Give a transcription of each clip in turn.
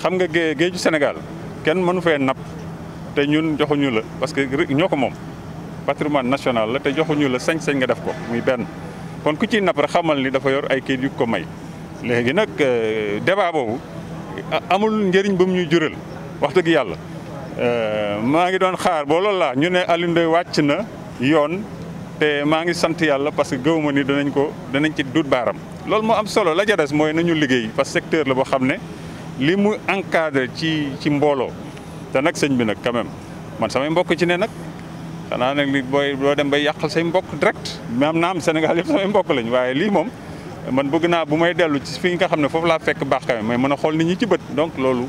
xam nga géeju senegal kenn mënu fee napp te ñun joxuñu la parce que ñoo ko moom patrimoine national la te joxuñu la sañ-sañ nga def ko muy benn kon ku ciy nap rek xamal ni dafa yor ay kayit yu ko may léegi nag euh, débat boobu amul njëriñ ba mu ñu jural wax dëgg yàlla euh, maa ngi doon xaar boo loolu laa ñu ne Alioune wàcc na yoon te maa ngi sant yàlla parce que gëwuma ni danañ ko danañ ci dut baaram loolu moo am solo la ja des mooy nañu liggéey parce que secteur la boo xam ne lii mu encadré ci ci mbooloo te nag sëñ bi nag quand man samay mbokk ci ne nag xanaa nag li booy loo dem bay yàqal say mbokk direct maam naam Sénégal yëpp samay mbokk lañu waaye lii moom man bëgg naa bu may dellu ci fi nga xam ne foofu laa fekk baax quand même mais mën a xool nit ñi ci bët donc loolu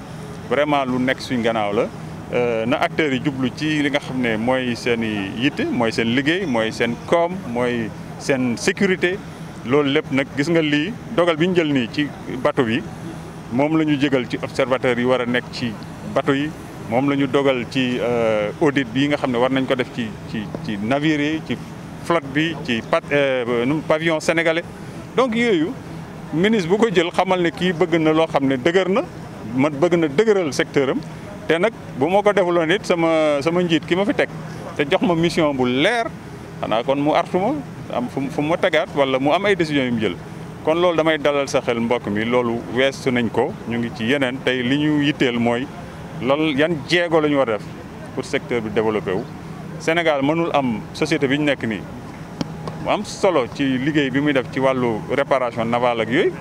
vraiment lu nekk suñ gannaaw la euh, na acteurs yi jublu ci li nga xam ne mooy seen i yitte mooy seen liggéey mooy seen koom mooy seen sécurité loolu lépp nag gis nga lii dogal bi ñu jël nii ci bateau bi moom la ñu jégal ci observateur yi war a nekk ci bateau yi moom la ñu dogal ci euh, audit bi nga xam ne war nañ ko def ci ci ci navire yi ci flotte bi ci pat euh, pavillon sénégalais donc yooyu ministre bu ko jël xamal ne kii bëgg na loo xam ne dëgër na man bëgg na dëgëral secteur am te nag bu ma ko defuloon it sama sama njiit ki ma fi teg te jox ma mission bu leer xanaa kon mu artu ma am fu mu ma tegaat wala mu am ay décisions yu mu jël kon loolu damay dalal sa xel mbokk mi loolu wees su nañ ko ñu ngi ci yeneen tey li ñu yitteel mooy lan yan jéego la ñu war def pour secteur bi développé wu. Sénégal mënul am société bi ñu nekk nii mu am solo ci liggéey bi muy def ci wàllu réparation navale ak yooyu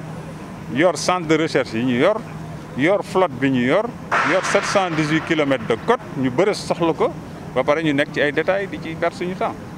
yor centre de recherche yi ñu yor yor flotte bi ñu yor yor 718 kilomètres de côte ñu bëri soxla ko ba pare ñu nekk ci ay détails di ci perte suñu temps.